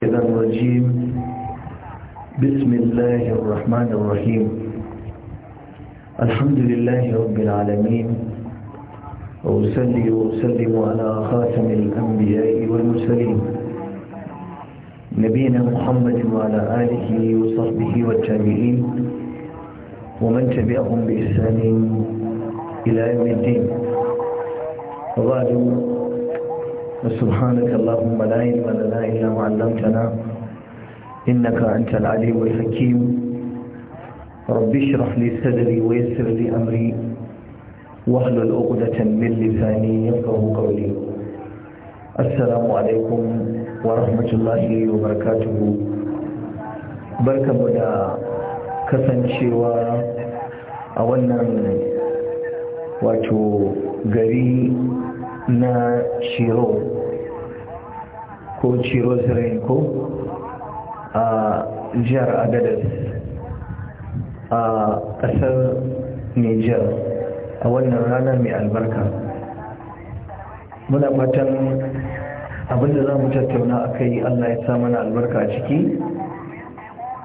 الشيطان الرجيم بسم الله الرحمن الرحيم الحمد لله رب العالمين وأسلي وأسلم على خاتم الأنبياء والمرسلين نبينا محمد وعلى آله وصحبه والتابعين ومن تبعهم بإحسان إلى يوم الدين وبعد وسبحانك اللهم لا علم لنا إلا ما علمتنا إنك أنت العليم الحكيم رب اشرح لي صدري ويسر لي أمري واحلل عقدة من لساني يفقه قولي السلام عليكم ورحمة الله وبركاته بركة مدى kasancewa a wannan wato gari na ciro ko ciro zirin ko a jihar agadez a ƙasar niger a wannan rana mai albarka muna fatan abinda za mu tattauna a kai allah ya sa mana albarka ciki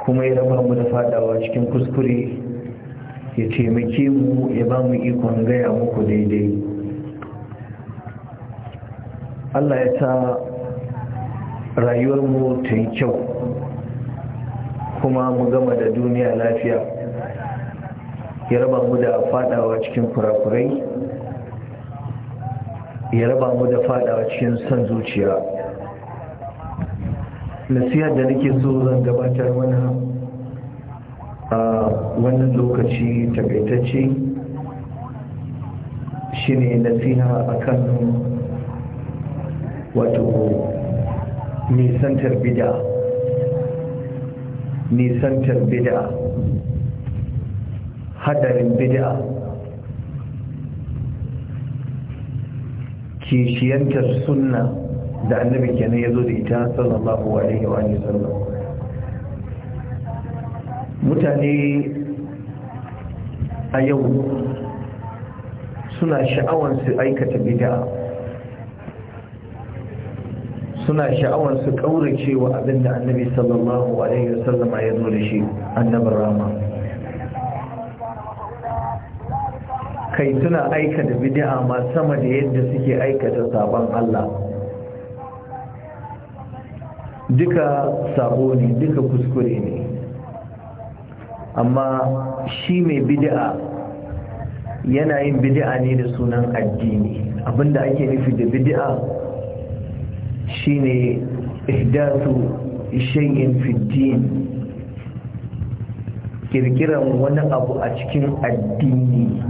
kuma ya raba mu da fadawa cikin kuskure ya taimake mu ya ba mu ikon gaya muku daidai Allah ya sa rayuwarmu ta yi kyau kuma mu gama da duniya lafiya ya raba mu da fadawa cikin kurakurai ya raba mu da fadawa cikin son zuciya nasiyar da nake so zan gabatar mana a wannan lokaci takaitacce shine nasiha akan wato nisantar bida nisantar bida hadarin bida kishiyantar sunna da annabi kenan ya zo da ita sallallahu alaihi wa sallam mutane a yau suna sha'awar su aikata bida suna sha'awar su kaurace wa abin da annabi sallallahu alaihi wasallam ya zo da shi annabi rama kai suna aika da bid'a ma sama da yadda suke aikata sabon Allah duka sabo ne duka kuskure ne amma shi mai bid'a yana yin bid'a ne da sunan addini abinda ake nufi da bid'a shine ihdatu shay'in fi din kirkiran wani abu a cikin addini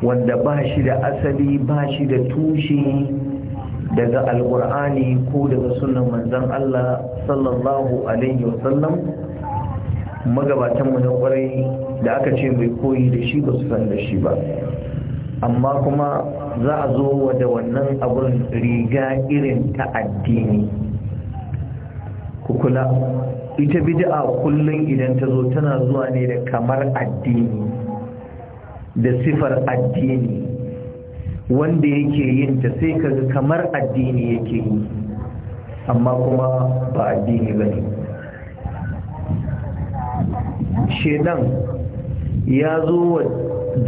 wanda ba shi da asali ba shi da tushe daga alkur'ani ko daga sunan manzan Allah sallallahu alaihi wasallam magabatanmu na kwarai da aka ce mai koyi da shi ba su san da shi ba amma kuma za a zo da wannan abun riga irin ta addini ku kula ita bid'a kullum idan ta zo tana zuwa ne da kamar addini da sifar addini wanda yake yin ta sai kaga kamar addini yake yi amma kuma ba addini ba ne shedan ya zo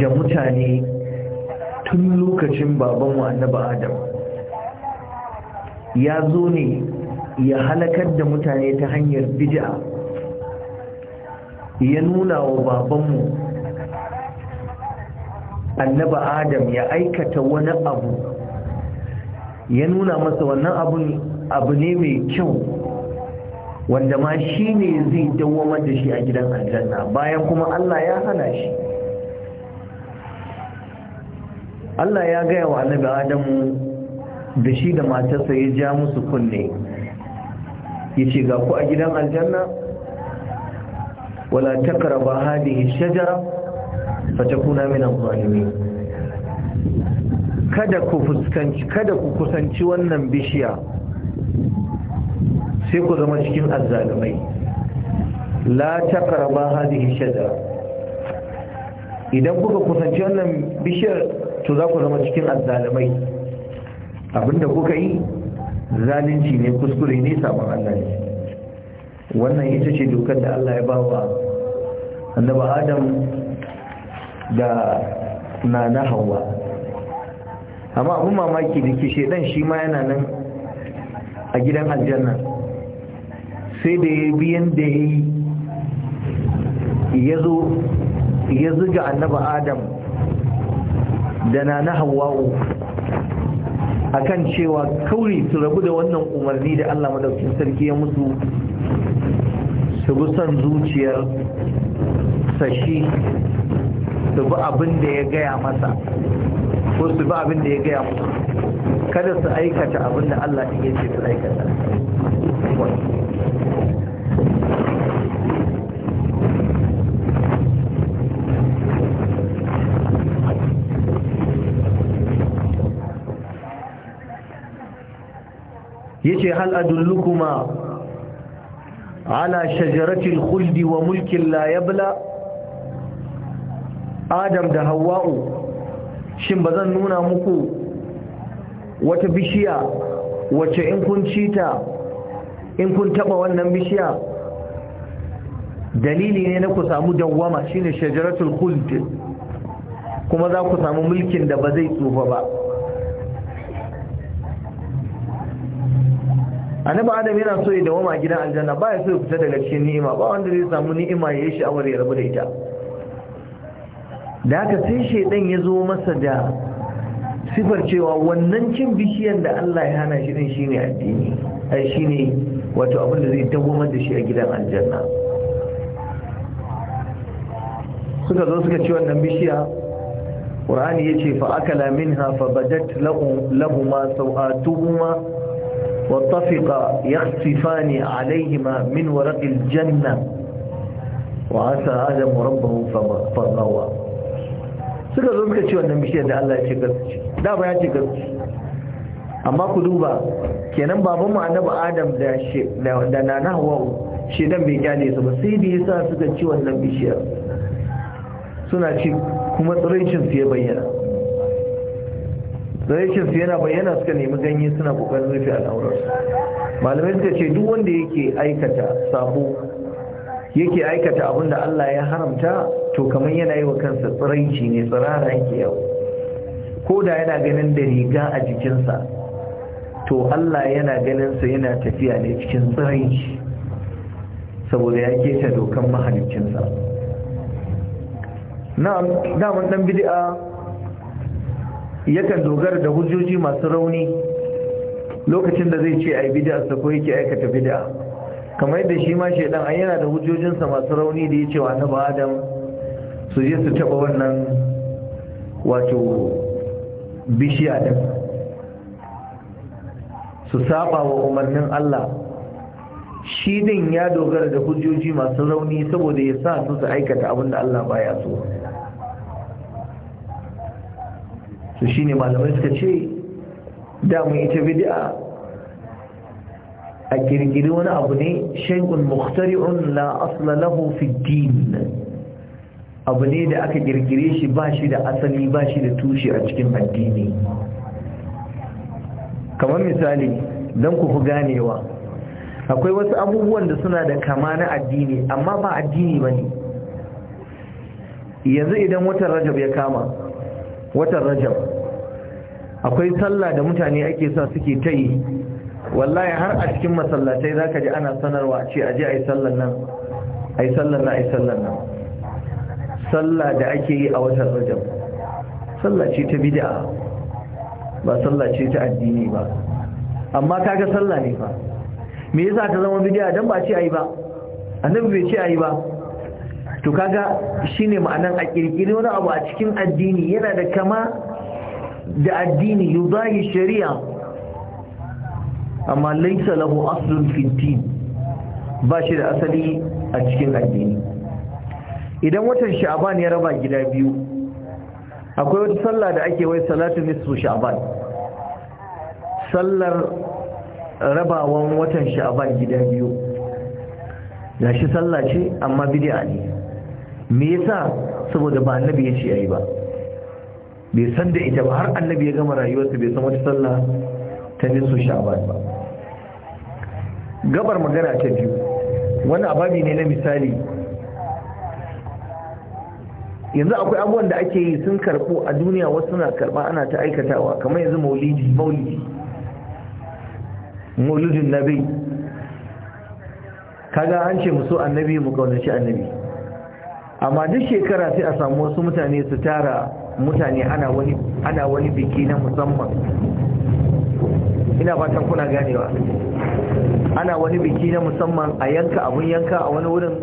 da mutane tun lokacin babanmu wa annabi adam ya zo ne ya halakar da mutane ta hanyar bid'a ya nuna wa babanmu annaba adam ya aikata wani abu ya nuna masa wannan abu abu ne mai kyau wanda ma shi ne zai dawamar da shi a gidan aljanna bayan kuma Allah ya hana shi Allah ya gaya wa annabi Adamu da shi da matarsa ya ja musu kunne ya ce ga ku a gidan aljanna wala takraba hadihi shajara fatakuna min al-zalimin kada ku fuskanci kada ku kusanci wannan bishiya sai ku zama cikin azzalimai la takraba hadihi shajara idan kuka kusanci wannan bishiyar to za ku zama cikin azzalamai abinda kuka yi zalunci ne kuskure ne sabon Allah ne wannan ita ce dokar da Allah ya ba wa annaba Adam da nana Hawwa amma abin mamaki da ke shedan shi ma yana nan a gidan aljanna sai da ya biyan da ya zo ya zuga annaba Adam da na na hawa'u akan cewa kauri su rabu da wannan umarni da Allah madaukin sarki ya mutu su bi son zuciyar sashi su bi abin da ya gaya masa ko su bi abin da ya gaya masa kada su aikata abin da Allah ya ce su aikata yace hal adullukuma ala shajarati khuldi wa mulkin la yabla adam da hawa'u shin bazan nuna muku wata bishiya wace in kun cita in kun taba wannan bishiya dalili ne na ku samu dawwama shine shajaratul khuld kuma za ku samu mulkin da ba zai tsufa ba annabi adam yana so ya dawoma a gidan aljanna ba ya so ya fita daga cikin ni'ima ba wanda zai samu ni'ima ya yi sha'awar ya rabu da ita da haka sai shaidan ya zo masa da sifar cewa wannan cin bishiyar da Allah ya hana shi din shine addini ai shine wato abin da zai dawomar da shi a gidan aljanna suka zo suka ci wannan bishiya qur'ani yace fa akala minha fa badat lahum lahum sawatuhuma واتفق يخصفان عليهما من ورق الجنة وعسى آدم ربه فغوى suka zo muka ce wannan bishiyar da Allah ya ce gaskiya da ba ya ce gaskiya amma ku duba kenan baban mu annabi Adam da da nana Hawwa shedan bai kyale su ba sai da yasa suka ci wannan bishiyar suna ci kuma tsiraicin su ya bayyana rashin su yana bayyana suka nemi ganye suna kokarin rufe al'aurarsu malamai suka ce duk wanda yake aikata sabo yake aikata abin da Allah ya haramta to kamar yana yi wa kansa tsiraici ne tsirara yake yau ko da yana ganin da riga a jikinsa to Allah yana ganin sa yana tafiya ne cikin tsiraici saboda ya keta dokan mahalicinsa na daman dan bid'a yakan dogara da hujjoji masu rauni lokacin da zai ce a yi bid'a sa ko yake aikata bid'a kamar yadda shi ma shaidan an yana da hujjojinsa masu rauni da ce wa na Adam su je su taba wannan wato bishiya din su saba wa umarnin Allah shi din ya dogara da hujjoji masu rauni saboda ya sa su su aikata abin da Allah baya so Su shi ne malamai suka ce damun ita bid'a a kirkiri wani abu ne shaikun mukhtari'un la lahu fi din abu ne da aka kirkire shi ba shi da asali ba shi da tushe a cikin addini kamar misali don ku fi ganewa akwai wasu abubuwan da suna da kama na addini amma ba addini ba ne yanzu idan watan rajab ya kama watan rajab akwai sallah da mutane ake sa suke ta yi wallahi har a cikin masallatai za ka ji ana sanarwa ce a je a yi sallan nan a yi sallan nan a yi sallan nan sallah da ake yi a watan rajab sallah ce ta bid'a ba sallah ce ta addini ba amma kaga sallah ne fa me yasa ta zama bid'a dan ba ce ayi ba annabi bai ce ayi ba to kaga shine ma'anan a kirkiri wani abu a cikin addini yana da kama da addini yuzahi shari'a amma laisa lahu aslun fintin ba shi da asali a cikin addini idan watan sha'aban ya raba gida biyu akwai wata sallah da ake wai salatu nisfu sha'aban sallar rabawan watan sha'aban gida biyu gashi sallah ce amma bid'a ne me yasa saboda ba annabi ya ce yayi ba bai san da ita ba har annabi ya gama rayuwarsa bai san wata sallah ta nisu sha'ban ba gabar magana ta biyu wani ababi ne na misali yanzu akwai abubuwan da ake yi sun karbo a duniya wasu na karba ana ta aikatawa kamar yanzu maulidi maulidi maulidin nabi kaga an ce musu annabi mu kaunaci annabi amma duk shekara sai a samu wasu mutane su tara mutane ana wani biki na musamman ina fatan kuna ganewa ana wani biki na musamman a yanka abun yanka a wani wurin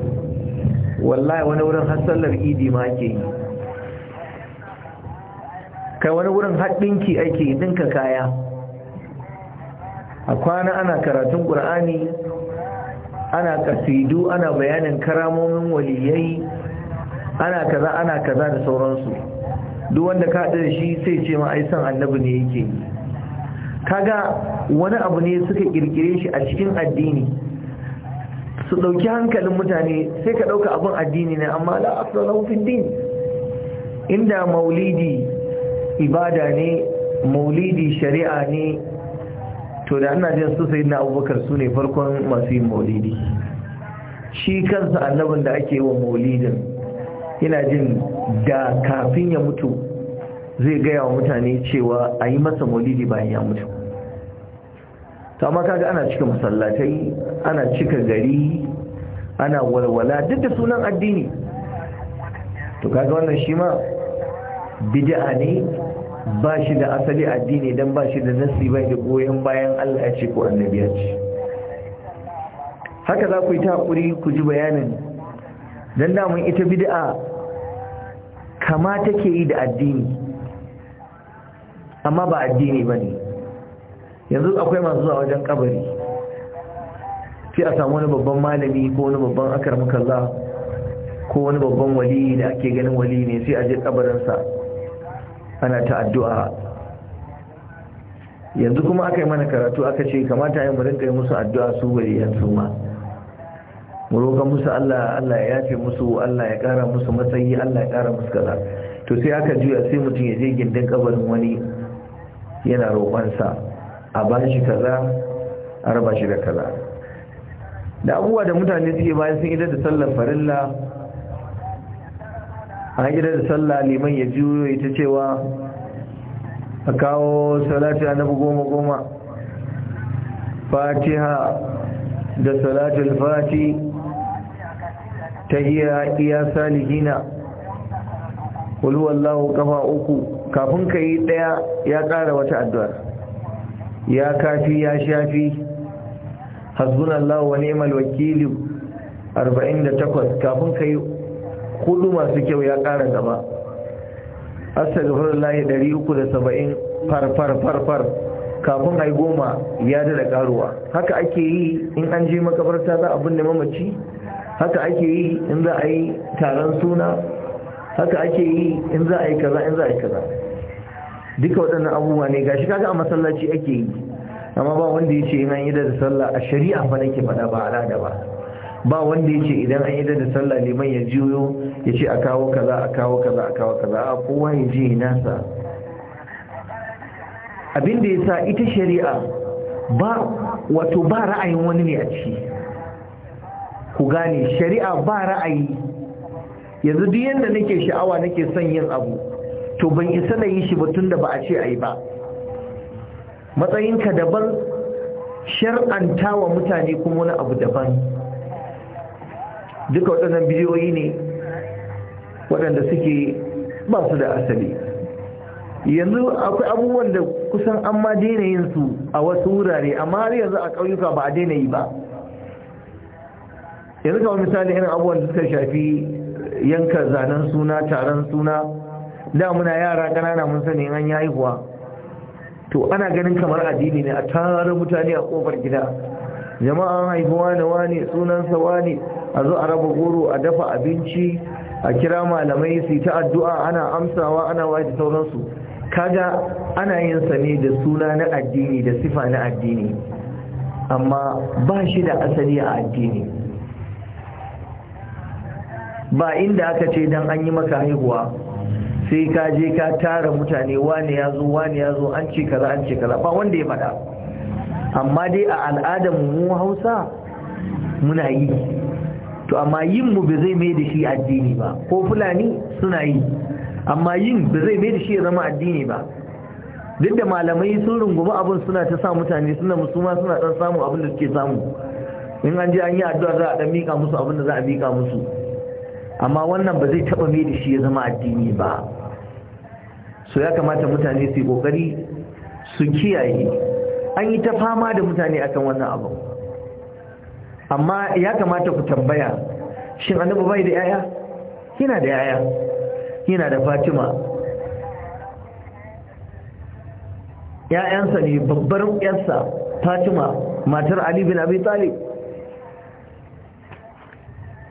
wallahi wani wurin har sallar idi ma ake yi kai wani wurin haɗinki ake dinka kaya a kwana ana karatun ƙur'ani ana kasidu ana bayanin karamomin waliyai ana kaza ana kaza da sauransu duk wanda ka da shi sai ce ma ai san annabi ne yake kaga wani abu ne suka kirkire shi a cikin addini su dauki hankalin mutane sai ka dauka abin addini ne amma la aslahu fi din inda maulidi ibada ne maulidi shari'a ne to da ana jin su sayyidina abubakar su ne farkon masu yin maulidi shi kansa annabin da ake yi wa maulidin ina jin da kafin ya mutu zai gaya wa mutane cewa a yi masa maulidi bayan ya mutu ta kaga ana cika masallatai ana cika gari ana walwala duk da sunan addini to kaga wannan shi ma bid'a ne ba shi da asali addini dan ba shi da nasi ba da goyon bayan Allah ya ce ko annabi ya ce haka za ku yi ta hakuri ku ji bayanin dan da mun ita bid'a kama take yi da addini amma ba addini ba ne yanzu akwai masu zuwa wajen kabari sai a samu wani babban malami ko wani babban akar ko wani babban wali da ake ganin wali ne sai a je kabarinsa ana ta addu'a yanzu kuma aka yi mana karatu aka ce kamata yi mu rinka yi musu addu'a su waliyan ma mu roƙa musu Allah Allah ya yafe musu Allah ya ƙara musu matsayi Allah ya ƙara musu kaza to sai aka juya sai mutum ya je gindin kabarin wani yana sa a bashi kaza a raba shi da kaza da abubuwa da mutane suke bayan sun idar da sallar farilla a idar da sallah liman ya juyo ita cewa a kawo salati annabi goma goma fatiha da salatul fati tahiya iya salihina qul huwallahu kafa uku kafin ka yi daya ya ƙara wata addu'a ya kafi ya shafi hasbunallahu wa ni'mal wakil 48 kafin ka yi hudu masu kyau ya ƙara gaba astaghfirullahi 370 far far far far kafin ai goma ya da karuwa haka ake yi in an je makabarta za a binne mamaci haka ake yi in za a yi taron suna haka ake yi in za a yi kaza in za a yi kaza duka waɗannan abubuwa ne gashi kaga a masallaci ake yi amma ba wanda ya ce in an yi da sallah a shari'a fa nake faɗa ba da ba ba wanda ya ce idan an yi da sallah liman ya jiyo ya ce a kawo kaza a kawo kaza a kawo kaza a kowa ya je nasa abinda ya sa ita shari'a ba wato ba ra'ayin wani ne a ciki ku gane shari'a ba ra'ayi yanzu duk yanda nake sha'awa nake son yin abu to ban isa na yi shi ba da ba a ce a yi ba matsayinka daban shar'anta wa mutane kuma wani abu daban duka waɗannan bidiyoyi ne waɗanda suke ba su da asali yanzu akwai abubuwan da kusan an ma daina yin su a wasu wurare amma har yanzu a ƙauyuka ba a daina yi ba yanzu kawai misali irin abubuwan da suka shafi yanka zanen suna taron suna da muna yara ƙanana mun sani an yi haihuwa to ana ganin kamar addini ne a tara mutane a kofar gida jama'a haihuwa ne wani sunansa wani a zo a raba goro a dafa abinci a kira malamai su ta addu'a ana amsawa ana waye da sauransu kaga ana yin sa ne da suna na addini da sifa na addini amma ba shi da asali a addini ba inda aka ce dan an yi maka haihuwa sai ka je ka tara mutane wane ya zo wane ya zo an ce kaza an ce kaza ba wanda ya faɗa amma dai a al'adar mu hausa muna yi to amma yin mu ba zai mai da shi addini ba ko fulani suna yi amma yin ba zai mai da shi ya zama addini ba duk da malamai sun rungumi abin suna ta sa mutane suna musuma suna dan samun abin da suke samu in an je an yi addu'a za a dan mika musu abin da za a mika musu amma wannan ba zai taba mai da shi ya zama addini ba so ya kamata mutane su yi ƙoƙari su kiyaye an yi ta fama da mutane akan wannan abu amma ya kamata ku tambaya shin annabi bai da yaya yana da yaya yana da fatima ya'yansa ne babbar yarsa fatima matar ali bin abi talib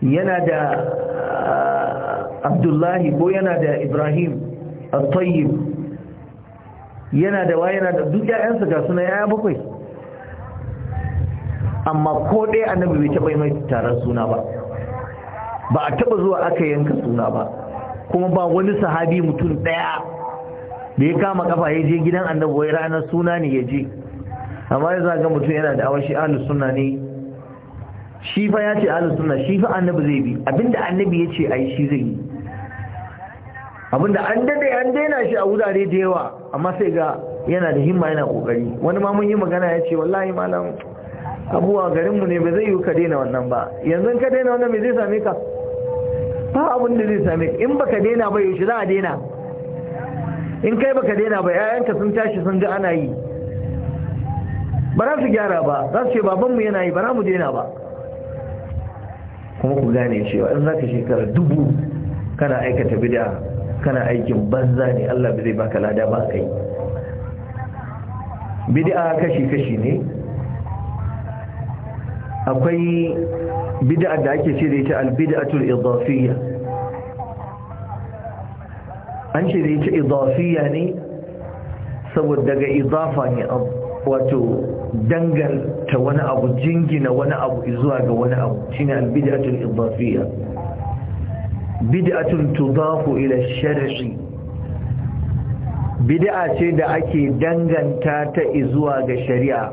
yana da ah, abdullahi ko yana da ibrahim al-tayyib yana da wa da duk ƴaƴansa ga suna yaya bakwai amma ko ɗaya annabi bai taɓa mai taron suna ba ba a taɓa zuwa aka yanka suna ba kuma ba wani sahabi mutum ɗaya da ya kama kafa ya je gidan annabi wai ranar suna ne ya je amma ya zaga mutum yana da awashi ahlus sunna ne shi fa ya ce ahlus sunna shi fa annabi zai bi abinda annabi ya ce ai shi zai yi abinda an dade an daina shi a wurare da yawa amma sai ga yana da himma yana kokari wani ma mun yi magana ya ce wallahi malam abuwa garinmu ne ba zai yi ka daina wannan ba yanzu ka daina wannan me zai same ka ba abin da zai same ka in baka daina ba yaushe za a daina in kai baka daina ba yayanka sun tashi sun ga ana yi ba za su gyara ba za su ce babanmu yana yi ba za mu daina ba kuma ku gane cewa in zaka shekara dubu kana aikata bid'a kana aikin banza ne Allah bai baka lada ba kai bid'a kashi kashi ne akwai bid'a da ake ce da ita al-bid'atul idafiyya an ce da ita idafiyya ne saboda daga idafa ne wato dangal ta wani abu jingina wani abu zuwa ga wani abu shine albid'atul idafiyya bid'atun tudafu ila shar'i bid'a ce da ake danganta ta zuwa ga shari'a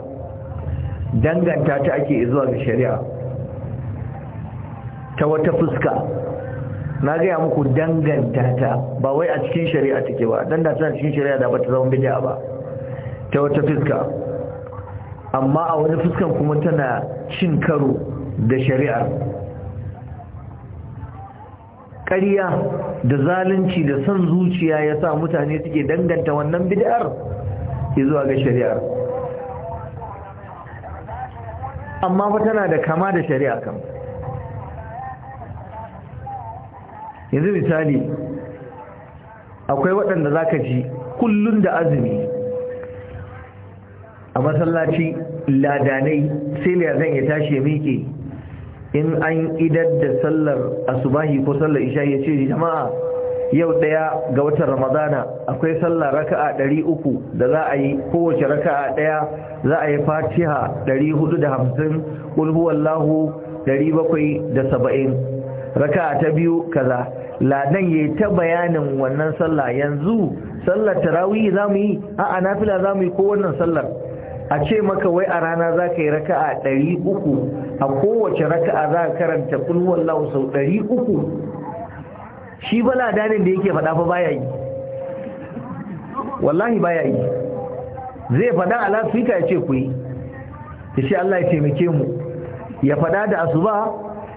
danganta ta ake zuwa ga shari'a ta wata fuska na gaya muku danganta ta ba wai a cikin shari'a take ba danganta ta cikin shari'a da ba ta zama bid'a ba ta wata fuska amma a wani fuskan kuma tana cin karo da shari'ar ƙariya da zalunci da son zuciya ya sa mutane suke danganta wannan ya zuwa ga shari'ar amma ba tana da kama da shari'a kan yanzu misali akwai waɗanda za ka ji kullum da azumi a masallaci ladanai sai zan ya tashi ya miƙe in an idar da sallar asubahi ko sallar isha ya ce jama'a yau ɗaya ga watan ramadana akwai sallar raka'a ɗari uku da za a yi kowace raka'a ɗaya za a yi fatiha ɗari hudu da hamsin ɗari bakwai da saba'in raka'a ta biyu kaza ladan ya ta bayanin wannan sallar yanzu sallar tarawih za mu yi a'a nafila za mu yi ko wannan sallar a ce maka wai a rana za ka yi a ɗari uku a kowace raka'a za ka karanta kulwar lausau ɗari uku shi bala danin da yake faɗa fa baya yi wallahi baya yi zai faɗa a lafika ya ce ku yi ya shi Allah ya taimake mu ya faɗa da asuba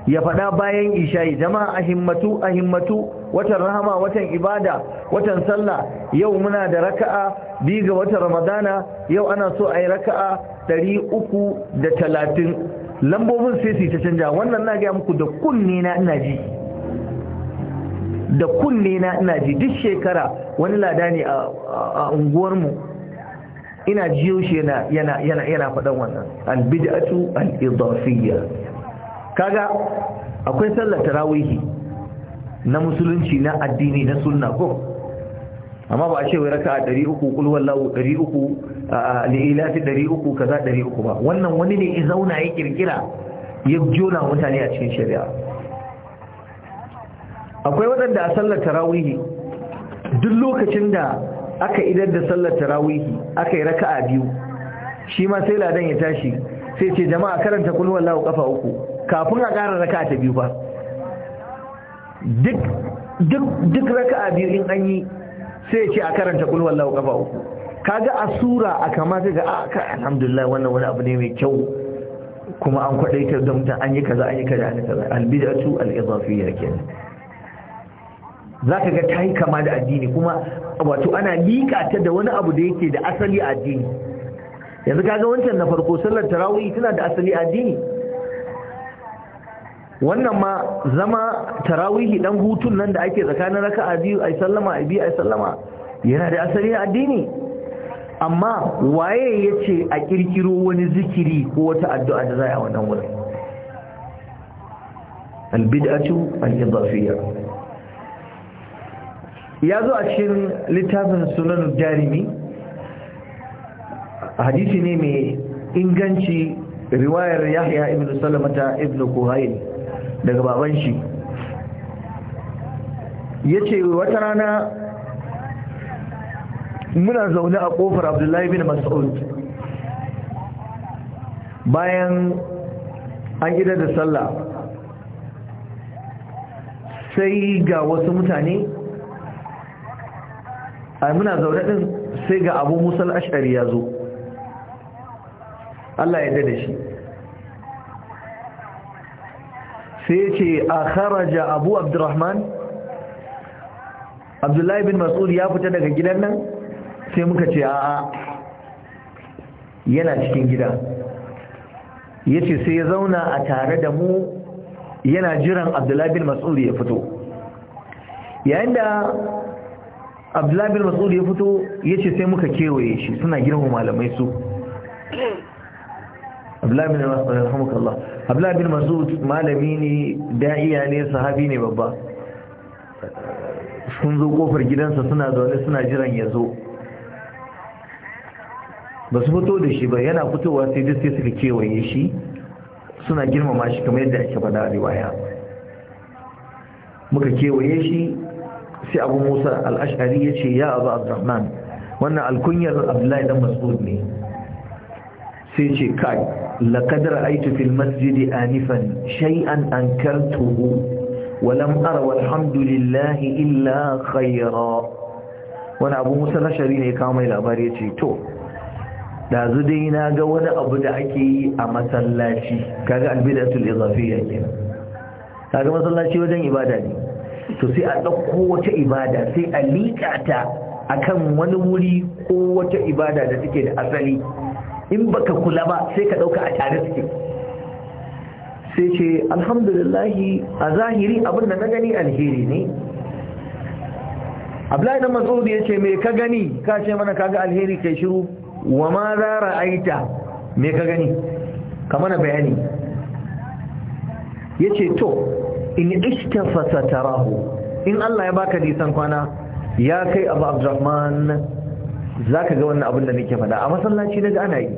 ya faɗa bayan isha'i jama'a a himmatu. watan rahama watan ibada watan sallah yau muna da raka'a Bi ga watan ramadana yau ana so a yi raka'a ɗari uku da talatin lambobin sai ta canja wannan na gaya muku da kunne na ina ji da kunne na ina ji duk shekara wani lada ne a unguwarmu ina jiyo shi yana yana yana yana faɗan wannan albid'atu al-idafiyya kaga akwai sallar tarawihi na musulunci na addini na sunna ko amma ba a ce wai raka'a 300 kul ɗari uku, ka 300 kaza 300 ba wannan wani ne ya zauna ya ƙirƙira, ya jona mutane a cikin shari'a akwai waɗanda a sallar tarawihi duk lokacin da aka idar da sallar tarawihi aka yi raka'a biyu shi ma sai ladan ya tashi sai ce jama'a karanta kul wallahu kafa uku kafin a ƙara raka'a ta biyu ba duk raka raka'a biyu in an yi sai ce a karanta kulwar wallahu kafa uku kaga a sura a kama sai ga aka ah, alhamdulillah wannan wani abu ne mai kyau kuma an kwadaita da mutan an yi kaza an yi kaza an yi kaza albid'atu al-idafiyya kenan zaka ga tayi kama da addini kuma wato ana lika ta da wani abu da yake da asali addini yanzu kaga wancan na farko sallar tarawih tana da asali addini wannan ma zama tarawihi dan hutun nan da ake tsakanin raka'a biyu ai sallama ai biyu ai sallama yana da asali a addini amma waye yace a kirkiro wani zikiri ko wata addu'a da za a wannan wurin bid'atu al-idafiyya ya zo a cikin littafin sunan jarimi hadisi ne mai inganci riwayar yahya ibn salamata ibn kuhail daga baban shi ya ce wata rana muna zaune a kofar abdullahi bin mas'ud bayan an gida da sallah sai ga wasu mutane a muna zaune din sai ga abu musal ashari ya zo Allah ya da shi sai ce a kharaja abu abdurrahman abdullahi bin mas'ud ya fita daga gidan nan sai muka ce a'a yana cikin gida yace sai ya zauna a tare da mu yana jiran abdullahi bin mas'ud ya fito yayin da abdullahi bin mas'ud ya fito yace sai muka kewaye shi suna girma malamai su abdullahi bin mas'ud rahimahullah abdullahi bin masud malami ne da'iya ne sahabi ne babba sun zo kofar gidansa suna zaune suna jiran ya zo ba su fito da shi ba yana fitowa sai duk sai suka kewaye shi suna girmama shi kamar yadda ake faɗa a riwaya muka kewaye shi sai abu musa al'ashari ya ce ya abu abdurrahman wannan alkunyar abdullahi dan masud ne sai ce kai Lakadar رأيت في المسجد آنفا شيئا أنكرته ولم أر والحمد لله إلا خيرا wani abu musa rashari ne kawo mai labari ya ce to da dai na ga wani abu da ake yi a masallaci kaga albidatul izafiyya ke kaga masallaci wajen ibada ne to sai a ɗauko wata ibada sai a liƙa ta akan wani wuri ko wata ibada da take da asali in baka kula ba sai ka dauka a tare suke sai ce alhamdulillahi a zahiri abin da na gani alheri ne abdullahi na mas'ud ya ce me ka gani ka ce mana kaga alheri kai shiru wa ma za ra'aita me ka gani ka mana bayani yace to in ishtafa satarahu in Allah ya baka nisan kwana ya kai abu abdurrahman za ka ga wannan abin da nake faɗa a masallaci daga ana yi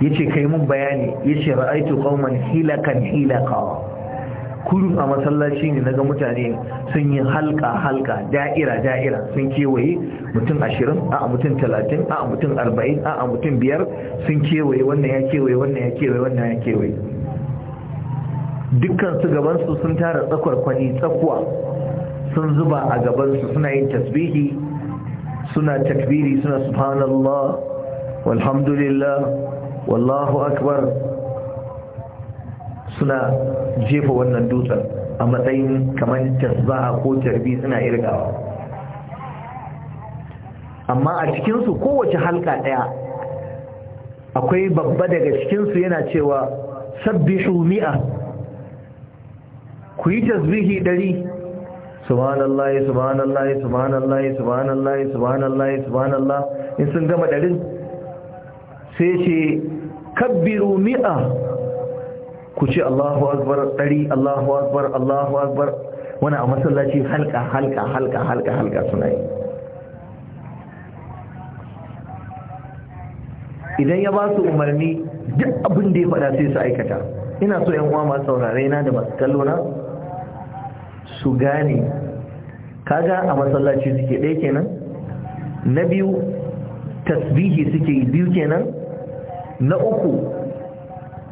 ya ce kai mun bayani ya ce ra'aitu ƙauman hilakan hilaka Kudu a masallaci ne na ga mutane sun yi halka halka da'ira da'ira sun kewaye mutum ashirin a mutum talatin a mutum arba'in a mutum biyar sun kewaye wannan ya kewaye wannan ya kewaye wannan ya kewaye Dukkansu gabansu sun tara tsakwar kwani tsakuwa sun zuba a gabansu suna yin tasbihi suna takbiri suna subhanallah walhamdulillah wallahu akbar suna jefa wannan dutsen a matsayin kamar tasba'a ko tarbi suna irgawa amma a cikinsu kowace halka ɗaya akwai babba daga cikinsu yana cewa sabbihu mi'a ku yi tasbihi ɗari subhanallahi subhanallahi subhanallahi subhanallahi subhan Allah in sun gama darin sai ce kabbiru mi'a ku ce Allahu akbar ɗari Allahu akbar Allahu akbar wani a masallaci halka halka halka halka halka suna yi idan ya ba su umarni duk abin da ya faɗa sai su aikata ina so yan uwa masu saurare na da masu kallo na su gane kaga a masallaci suke ɗaya kenan na biyu tasbihi suke yi biyu kenan na uku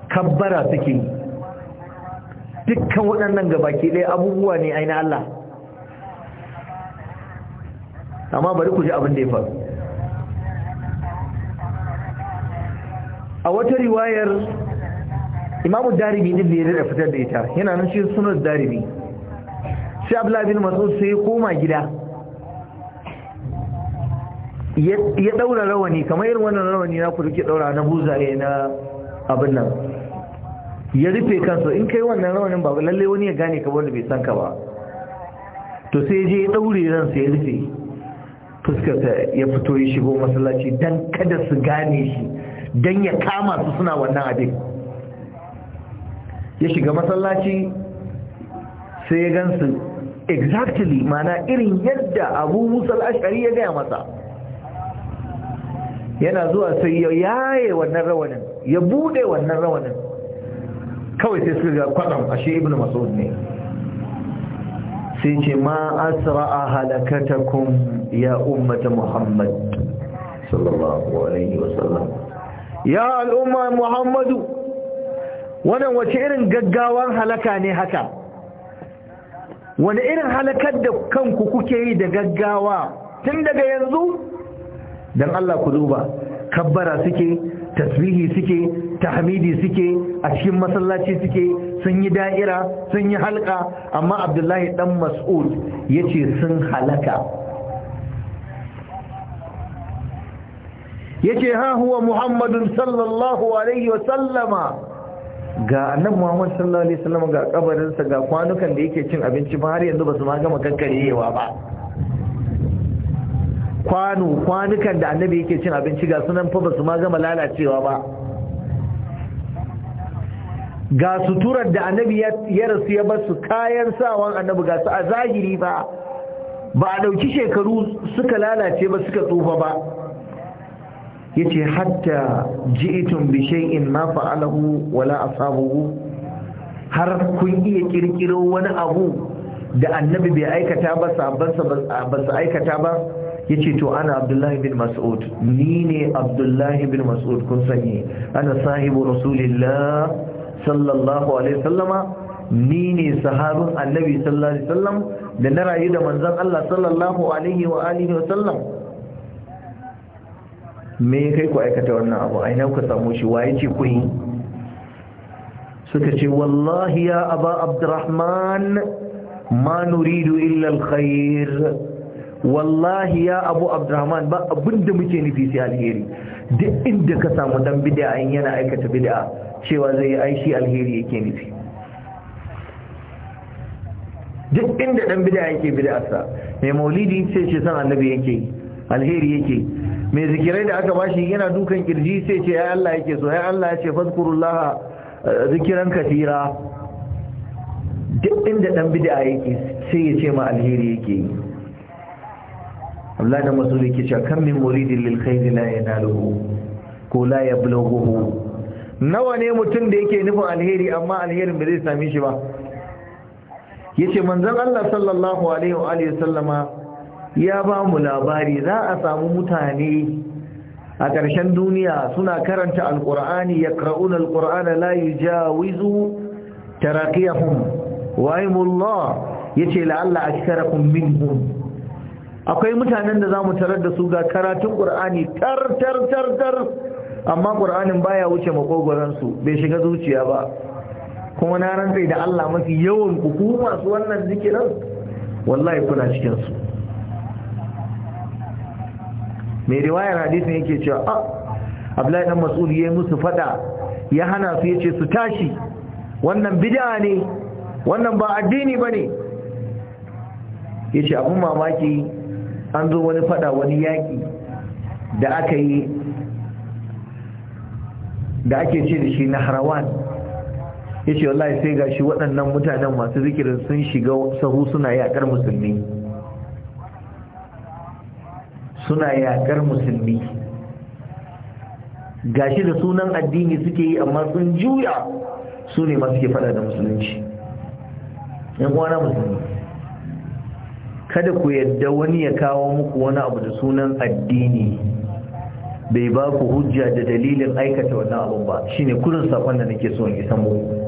kabbara suke yi dukkan waɗannan gabaki ɗaya abubuwa ne ainihin Allah amma bari ku ji abin da ya faru a wata riwayar imamu daribi ɗin da ya fitar da ita yana nan shi sunar daribi sai abdullahi bin masu sai ya koma gida ya daura rawani kamar irin wannan rawani na ku rike daura na buzaye na abin nan ya rufe kansa in kai wannan rawanin ba lalle wani ya gane ka wanda bai san ka ba to sai je ya daure sai ya rufe fuskarsa ya fito ya shigo masallaci dan kada su gane shi dan ya kama su suna wannan abin ya shiga masallaci sai ya gansu exactly mana irin yadda abu musa al'ashari ya gaya masa yana zuwa sai ya yaye wannan rawanin ya bude wannan rawanin kawai sai suka ga kwadon ashe ibnu mas'ud ne sai ce ma asra'a halakatakum ya ummata muhammad sallallahu alaihi wasallam ya al'umma muhammadu wannan wace irin gaggawar halaka ne haka wani irin halakar da kanku kuke yi da gaggawa tun daga yanzu don Allah ku duba kabbara suke tasbihi suke tahmidi suke a cikin masallaci suke sun yi da'ira sun yi halka amma abdullahi dan mas'ud ya ce sun halaka ya ce ha huwa muhammadun sallallahu alaihi wasallama ga annabi Muhammad sallallahu alaihi wasallam ga sa ga kwanukan da yake cin abinci ba har yanzu ba su ma gama kankarewa ba kwano kwanukan da annabi yake cin abinci ga sunan fa ba su ma gama lalacewa ba ga suturar da annabi ya rasu ya basu kayan sawan annabi ga su a zahiri ba ba a ɗauki shekaru suka lalace ba suka tsufa ba yace hatta ji'tum bi shay'in ma fa'alahu wala asabahu har kun iya kirkiro wani abu da annabi bai aikata ba sabansa ba su aikata ba yace to ana abdullahi bin mas'ud ni ne abdullahi bin mas'ud kun sani ana sahibu rasulillah sallallahu alaihi wasallama ni ne sahabin annabi sallallahu alaihi wasallam da na rayu da manzon Allah sallallahu alaihi wa alihi wasallam me kai ku aikata wannan abu a ina ku samu shi wa ce ku yi suka ce wallahi ya aba abdurrahman ma nuridu illa alkhair wallahi ya abu abdurrahman ba abinda muke nufi sai alheri duk inda ka samu dan bid'a in yana aikata bid'a cewa zai yi aishi alheri yake nufi duk inda dan bid'a yake sa mai maulidi sai ce san annabi yake yi alheri yake mai zikirai da aka bashi yana dukan kirji sai ce ya Allah yake so ya Allah ya ce fazkurullah eh, zikiran katira duk inda dan bid'a yake sai ya ce ma alheri yake yi Allah da masuli yake cewa kan min muridin lil khair la yanaluhu ko la yablughuhu nawa ne mutum da yake nufin alheri amma alherin bai zai same shi ba yace manzon Allah sallallahu alaihi wa alihi sallama ya ba mu labari za a samu mutane a ƙarshen duniya suna karanta alƙur'ani ya ƙra'un alƙur'ana layu ja wizu tarakiyahun wa'imullah ya ce la'alla a shikarakun minhum akwai mutanen da za mu tarar da su ga karatun ƙur'ani tar tar tar tar amma ƙur'anin baya wuce makogoransu bai shiga zuciya ba kuma na rantsai da allah mafi yawan kuku masu wannan zikiran wallahi kuna cikinsu mai riwayar hadisin yake cewa a ah, abdullahi dan mas'ud yayi musu fada ya hana su yace su tashi wannan bid'a ne wannan ba addini bane yace abun mamaki an zo wani fada wani yaki da aka yi da ake ce da shi nahrawan yace wallahi sai gashi waɗannan mutanen masu zikirin sun shiga sahu suna yakar musulmi suna yakar musulmi gashi da sunan addini suke yi amma sun juya su ne masu ke fada da musulunci yan kwana musulmi kada ku yadda wani ya kawo muku wani abu da sunan addini bai ba ku hujja da dalilin aikata wannan abun ba Shi ne kudin safon da nake so ne samu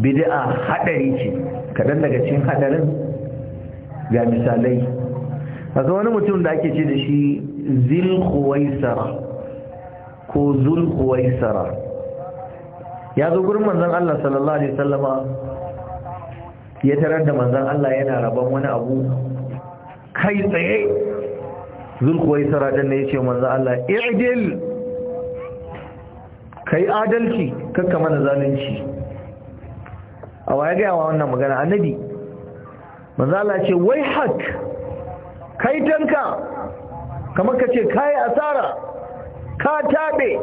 Bidi'a bid'a haɗari ce kaɗan daga cikin haɗarin ga misalai akwai wani mutum da ake ce da shi zilhuwaisara ko zulhuwaisara ya zo gurin manzan Allah sallallahu Alaihi sallama ya tarar da manzan Allah yana rabon wani abu kai tsaye zulhuwaisara ɗan na ya ce manzan Allah i'adil kai adalci kakka mana zalunci a waya gaya wa wannan magana annabi manzan Allah ce wai haka Kaitanka tanka kamar ka ce kayi asara ka taɓe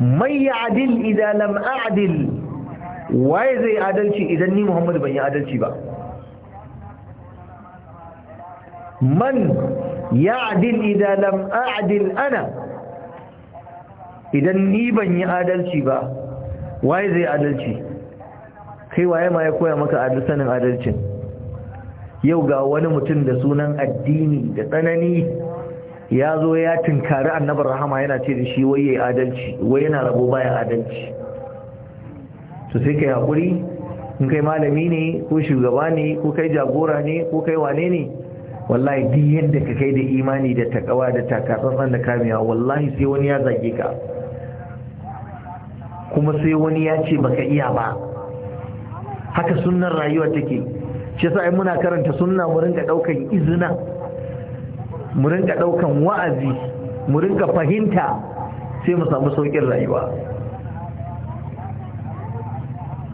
mai adil idan lam adil waye zai adalci idan ni muhammadu ban yi adalci ba man ya adil idan lam adil ana idan ni ban yi adalci ba waye zai adalci kai waye ma ya koya maka sanin adalcin yau ga wani mutum da sunan addini da tsanani ya zo ya tunkari annabar rahama yana ce da shi waye adalci wai yana rabo baya adalci su sai kai hakuri? in kai malami ne ko shugaba ne ko kai jagora ne ko kai wane ne wallahi duk yadda ka kai da imani da takawa da takatsantsan da kamewa wallahi sai wani ya zage ka kuma sai wani ya ce baka iya ba haka sunnan rayuwa take shi yasa muna karanta sunna mu ringa daukan izina mu ringa daukan wa'azi mu ringa fahimta sai mu samu saukin rayuwa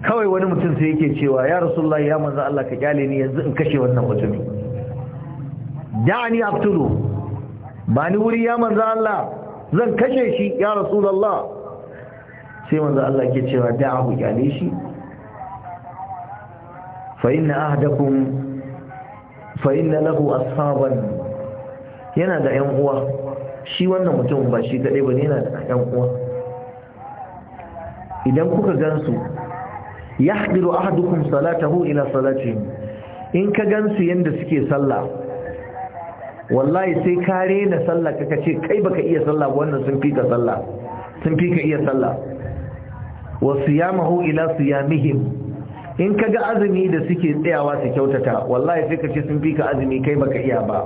kawai wani mutum sai yake cewa ya rasulullahi ya manzo Allah ka kyale ni yanzu in kashe wannan mutumi da'ani abtulu ba ni wuri ya manzo Allah zan kashe shi ya rasulullahi sai manzo Allah ke cewa da'ahu kyale shi فإن أهدكم فإن له أصحابا yana da ƴan uwa shi wannan mutum ba shi kaɗai ba ne yana da ƴan uwa idan kuka gansu ya yahdiru ahadukum salatahu ila salatihim in ka gansu yadda suke sallah wallahi sai kare na sallah ka ce kai baka iya sallah wannan sun fika sallah sun fika iya sallah wa siyamahu ila siyamihim in ka ga azumi da suke tsayawa su kyautata wallahi sai ka ce sun fi ka azumi kai baka iya ba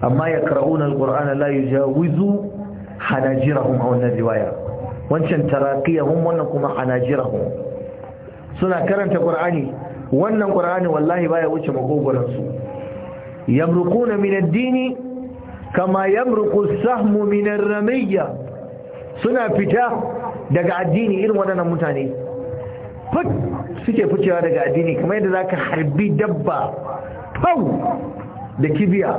amma ya qara'una alqur'ana la yujawizu hanajirahum a wannan riwaya wancan taraqiyahum wannan kuma hanajirahum suna karanta qur'ani wannan qur'ani wallahi baya wuce makogoran su yamruquna min ad kama yamruqu as-sahmu min ar-ramiyya suna fita daga addini irin waɗannan mutane fuk suke ficewa daga addini kamar yadda za ka harbi dabba tau da kibiya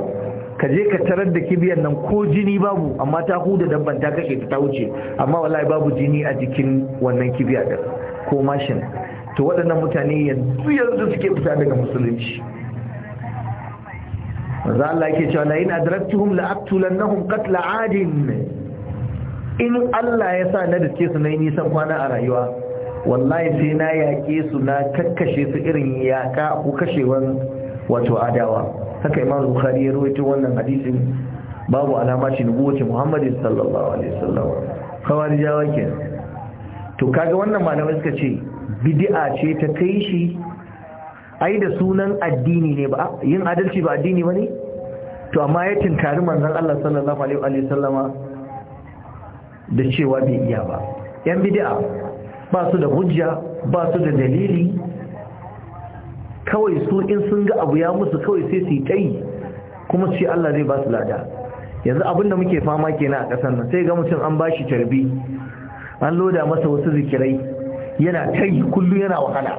ka je ka tarar da kibiyan nan ko jini babu amma ta huda dabban ta kashe ta wuce amma wallahi babu jini a jikin wannan kibiya da ko mashin to waɗannan mutane yanzu yanzu suke fita daga musulunci za Allah yake cewa la in adraktuhum la aqtulannahum qatla adin in Allah ya sa na dace su nayi nisan kwana a rayuwa wallahi sai na yaƙe su na kakkashe su irin yaƙa ko kashewan wato adawa haka imam bukhari ya rawaito wannan hadisin babu alama shi nubuwati Muhammadu sallallahu alaihi wasallam khawarijawa kenan to kaga wannan malamai suka ce bid'a ce ta kai shi ai da sunan addini ne ba yin adalci ba addini bane to amma ya tinkari manzon Allah sallallahu alaihi wasallama da cewa bai iya ba yan bid'a ba su da hujja ba su da dalili kawai su in sun ga abu ya musu kawai sai su yi tsayi kuma su ce Allah zai ba su lada yanzu abinda muke fama kenan a kasar nan sai ga mutum an bashi tarbi an loda masa wasu zikirai yana ta'i kullum yana wahala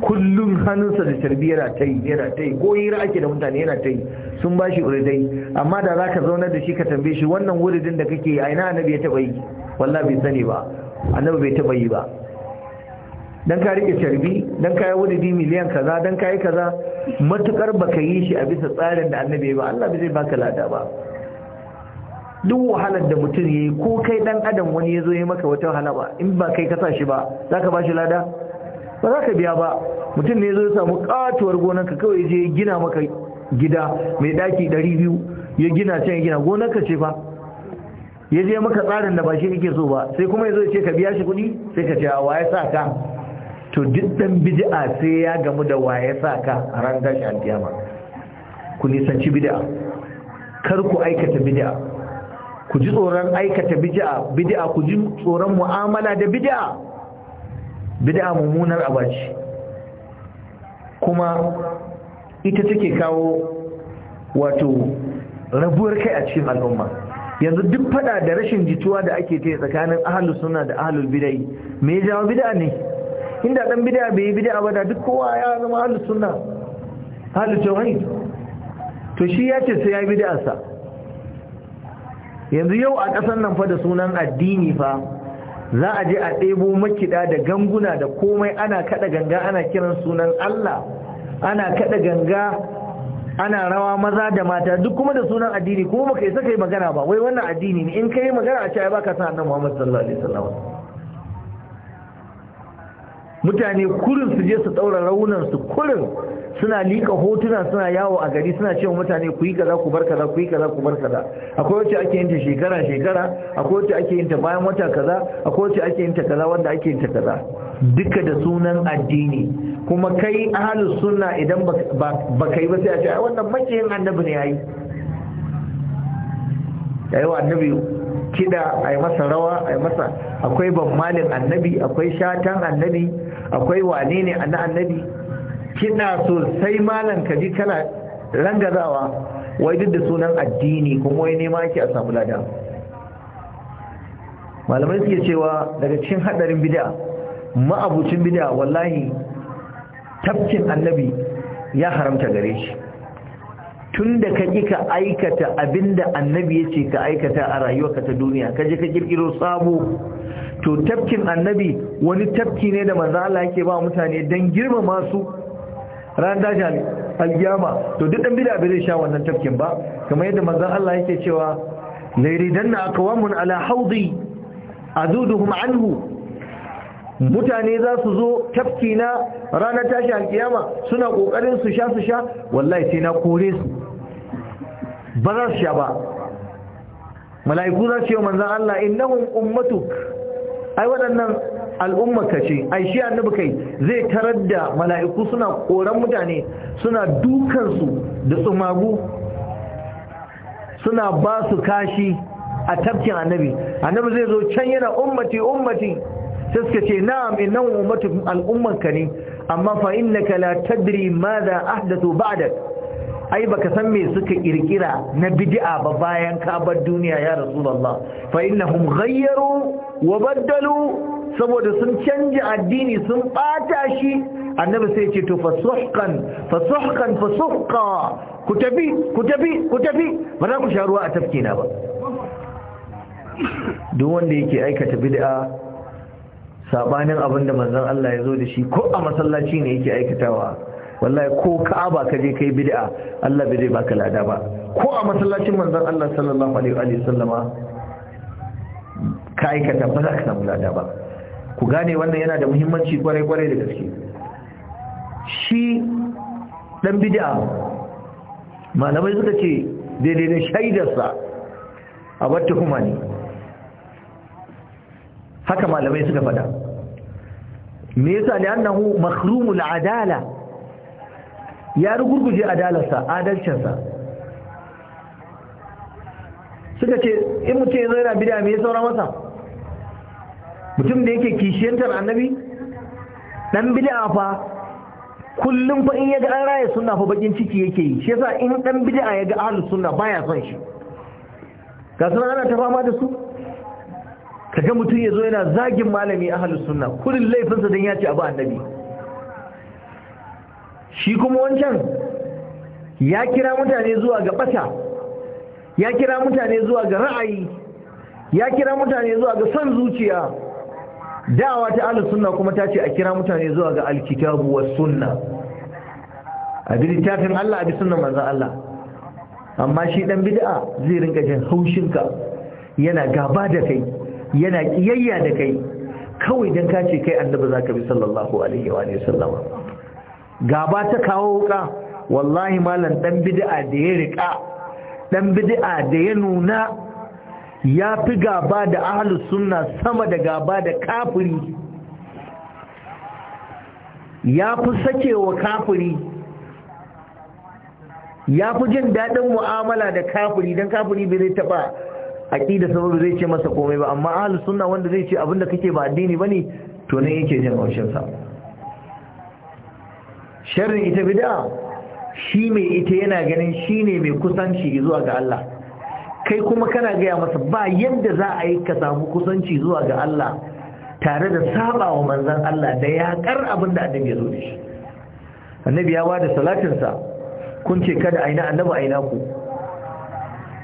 kullum hannunsa da tarbi yana ta'i yana tayi ko hira ake da mutane yana ta'i sun ba shi uridai amma da za ka zaunar da shi ka tambaye shi wannan wuridin da kake yi a ina annabi ya taba yi wallahi bai sani ba annabi bai taba yi ba dan ka rike carbi dan ka yi wududi miliyan kaza dan ka yi kaza matukar baka yi shi a bisa tsarin da annabi ba Allah bai zai baka lada ba duk wahalar da mutum yayi ko kai dan adam wani yazo yi maka wata wahala ba in ba kai ka sa shi ba zaka ba shi lada ba za biya ba mutum ne yazo ya samu katuwar gonar ka kawai je gina maka gida mai daki 200 ya gina can ya gina gonar ka ce fa ya je maka tsarin da ba shi kake so ba sai kuma yazo ya ce ka biya shi kuɗi sai ka ce waye sa ka to duk bid'a sai ya gamu da waye sa ka a ran gashi ku nisanci bid'a kar ku aikata bid'a ku ji tsoron aikata bid'a bid'a ku ji tsoron mu'amala da bid'a bid'a mummunar abaci kuma ita take kawo wato rabuwar kai a cikin al'umma yanzu duk fada da rashin jituwa da ake ta tsakanin ahlus suna da ahlul bidai, me ya jawo bid'a ne inda dan bid'a bai bid'a ba da duk kowa ya zama ahlus suna. ahlul tauhid to shi ya ce sai ya bid'a sa yanzu yau a ƙasar nan fa da sunan addini fa za a je a ɗebo makiɗa da ganguna da komai ana kaɗa ganga ana kiran sunan Allah ana kaɗa ganga ana rawa maza da mata duk kuma da sunan addini ko baka isa kai magana ba wai wannan addini ne in kai magana a cewa ai baka san annabi Muhammad sallallahu alaihi wasallam mutane kurin su je su ɗaura raunan su kurin suna liƙa hotuna suna yawo a gari suna cewa mutane ku yi kaza ku bar kaza ku yi kaza ku bar kaza akwai wacce ake yin ta shekara shekara akwai wacce ake yin ta bayan wata kaza akwai wacce ake yin ta kaza wanda ake yin ta kaza duka da sunan addini kuma kai ahli sunna idan ba kai ba sai a ce ai wannan makiyin annabi ne yayi yayi wa annabi Kida a yi masa rawa a yi masa akwai ban malin annabi akwai shatan annabi akwai wane ne na annabi kiɗa sosai malan ka ji kana rangazawa wai duk da sunan addini kuma wai nema ke a samu lada malamai suke cewa daga cikin hadarin bida ma'abucin bida wallahi tafkin annabi ya haramta gare shi tun da ka ƙi ka aikata abinda annabi ya ce ka aikata a rayuwarka ta duniya ka je ka ƙirƙiro sabo to tafkin annabi wani tafki ne da manzo Allah yake ba mutane don girmama su ran daji alkiyama to duk dan bid'a bai sha wannan tafkin ba kamar yadda manzo Allah yake cewa layridanna aqwamun ala hawdi azuduhum anhu mutane za su zo tafki na ranar tashi alkiyama suna kokarin su sha su sha wallahi sai na kore su ba za su sha ba mala'iku za su yi wa manzan Allah innahum ummatuk ai waɗannan al'ummaka ce ai shi annabi kai zai tarar da mala'iku suna koran mutane suna dukansu da tsumagu suna ba su kashi a tafkin annabi annabi zai zo can yana ummati ummati sai suka ce na'am innahum ummatuk al'ummaka ne amma fa innaka la tadri madha ahdathu ba'dak ai baka san me suka kirkira na bid'a ba bayan ka bar duniya ya rasulullah fa innahum ghayyaru wa baddalu saboda sun canja addini sun bata shi annabi sai ce to fasuhqan fasuhqan fasuhqa ku tafi ku tafi ku tafi ba za ku sha ruwa a tafkina ba duk wanda yake aikata bid'a sabanin abinda manzon Allah ya zo da shi ko a masallaci ne yake aikatawa wallahi ko ka'aba ka je kai bid'a Allah bai zai baka lada ba ko a masallacin manzon Allah sallallahu alaihi wa sallama ka aikata ba za ka samu lada ba ku gane wannan yana da muhimmanci kwarai kwarai da gaske shi dan bid'a malamai suka ce daidai da shaidarsa a wata kuma ne haka malamai suka fada me yasa li annahu makhrumul adala ya rugurguje adalarsa adalcinsa suka ce in mutum yanzu yana bida mai ya saura masa mutum da yake kishiyantar annabi dan bid'a fa kullum fa in ya ga an raya sunna fa bakin ciki yake yi shi yasa in dan bid'a ya ga ahlus sunna baya son shi ga suna ana ta fama da su kaga mutum yazo yana zagin malami ahlus sunna kullun laifinsa dan ya ce abu annabi shi kuma wancan ya kira mutane zuwa ga ɓata, ya kira mutane zuwa ga ra'ayi ya kira mutane zuwa ga son zuciya da'awa ta ala sunna kuma ta ce a kira mutane zuwa ga alkitabu wa sunna a bi littafin Allah a bi suna manzon Allah amma shi dan bid'a zai rinka jin haushinka yana gaba da kai yana kiyayya da kai kawai dan ka ce kai annabi zaka bi sallallahu alaihi wa sallama gaba ta kawo wuka wallahi malam dan bid'a da ya rika dan bid'a da ya nuna ya fi gaba da ahlus sunna sama da gaba da kafiri ya fi sakewa kafiri ya fi jin daɗin mu'amala da kafiri dan kafiri bai zai taba aƙida saboda zai ce masa komai ba amma ahlus sunna wanda zai ce abinda kake ba addini bane to ne yake jin sa sharrin ita bid'a shi mai ita yana ganin shi ne mai kusanci zuwa ga Allah kai kuma kana gaya masa ba yadda za a yi ka samu kusanci zuwa ga Allah tare da sabawa manzan Allah da ya kar abin da annabi ya zo da shi annabi ya wada salatinsa kun ce kada aina annabi aina ku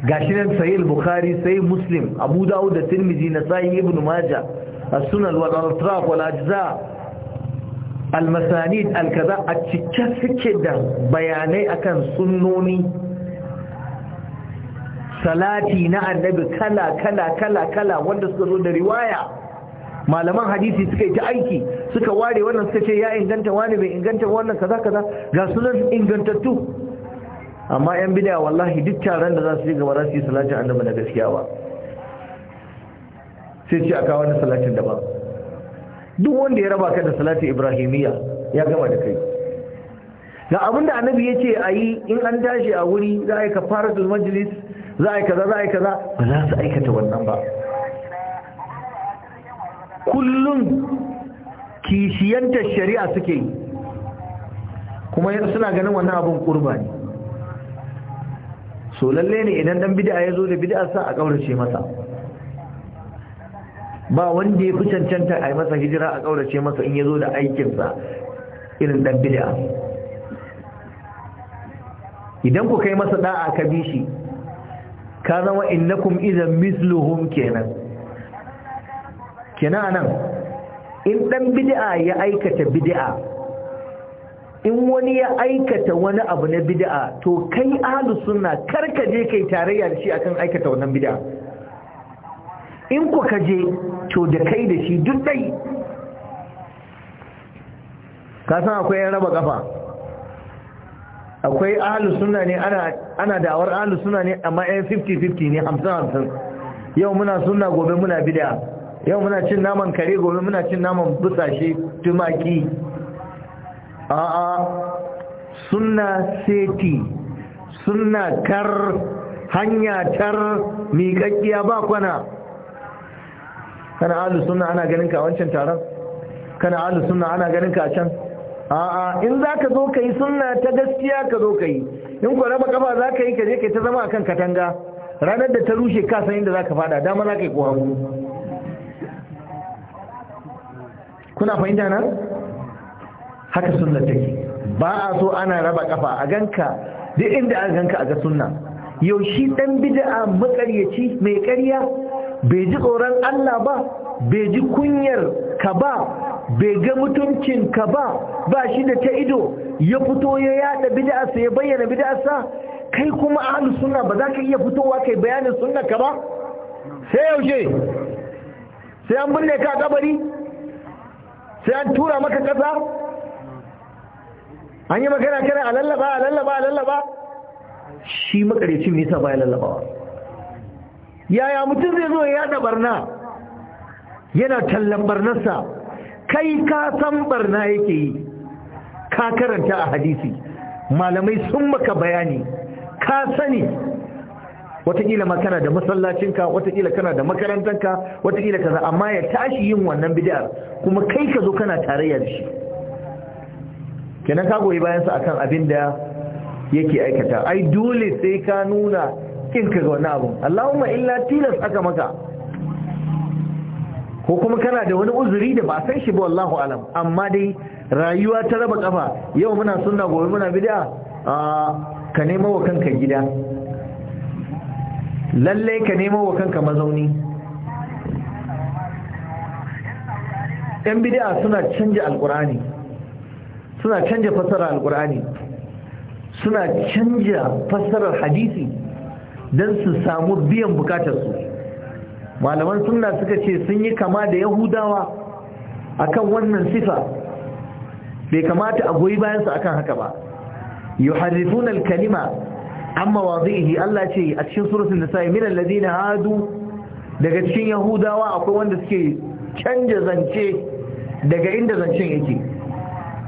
gashi nan sahih bukhari sahih muslim abu dawud da tirmidhi nasai ibn majah as-sunan wal atraf wal ajza' almasanid alkaza a cike suke da bayanai akan sunnoni salati na annabi kala kala kala kala wanda suka zo da riwaya malaman hadisi suka yi ta aiki suka ware wannan suka ce ya inganta wani bai inganta wannan kaza kaza ga sunan ingantattu amma yan bid'a wallahi duk taron da za su yi gaba za su yi salatin annabi na gaskiya ba sai ce a kawo wani salatin daban duk wanda ya raba ka da salatu ibrahimiyya ya gama da kai ga abinda annabi ya ce a yi in an tashi a wuri za a yi majlis za a kaza za a kaza ba za su aikata wannan ba kullum kishiyanta shari'a suke yi kuma suna ganin wannan abin kurba ne so lalle ne idan dan bid'a ya zo da bid'a sa a kaurace masa ba wanda ya fi cancanta a yi masa hijira a ƙaurace masa in ya zo da aikinsa irin ɗan bida idan ku kai masa ɗa'a ka bi shi ka zama innakum idan misluhum kenan kenan nan? in ɗan bid'a ya aikata bid'a in wani ya aikata wani abu na bid'a to kai ahlus sunna karka je kai tarayya da shi akan aikata wannan bid'a in ku je to da kai da shi duk dai ka san akwai yan raba kafa akwai ahlus sunna ne ana ana dawar ahlus sunna ne amma yan 50-50 ne 50-50 yau muna sunna gobe muna bid'a yau muna cin naman kare gobe muna cin naman busashe tumaki a'a sunna seti sunna kar hanya tar miƙaƙƙiya ba kwana kana ahlus sunna ana ganin ka a wancan taron kana ahlus sunna ana ganin ka a can a'a in zaka zo kai sunna ta gaskiya ka zo kai in ko raba kafa zaka yi ka je kai ta zama akan katanga ranar da ta rushe ka san inda zaka fada dama ka yi kuwa hagu kuna fahimta na haka sunna take ba a so ana raba kafa a ganka duk inda a ganka a ga sunna yaushe dan bid'a makaryaci mai ƙarya bai ji tsoron Allah ba bai ji kunyar ka ba bai ga mutuncin ka ba ba shi da ta ido ya fito ya yada bida'asa ya bayyana bida'asa kai kuma ahlus sunna ba za ka iya fitowa kai bayanin sunna ka ba sai yaushe sai an binne ka kabari sai an tura maka kasa an yi magana kana a lallaba a lallaba a lallaba shi makarici nisa ba ya lallabawa yaya mutum zai zo ya da barna yana tallan barnarsa kai ka san barna yake yi ka karanta a hadisi malamai sun maka bayani ka sani watakila ma kana da masallacinka watakila kana da makarantanka watakila kaza amma ya tashi yin wannan bid'ar kuma kai ka zo kana tarayya da shi kenan ka goyi bayansa akan abin da yake aikata ai dole sai ka nuna Ka ga wani abu Allahumma illa tilas aka maka ko kuma kana da wani uzuri da ba san shi ba wallahu alam amma dai rayuwa ta raba kafa yau muna sunna gobe muna bid'a ah, ka nemo wa kanka gida lalle ka nemo wa kanka mazauni yan bid'a suna canja alkurani suna canja fasara alkurani suna canja fasarar hadisi don su samu biyan bukatarsu malaman sunna suka ce sun yi kama da yahudawa akan wannan sifa bai kamata a goyi bayansu akan haka ba yuharrifuna kalima amma wazihi Allah ce a cikin da nisa'i min alladhina hadu daga cikin yahudawa akwai wanda suke canja zance daga inda zancen yake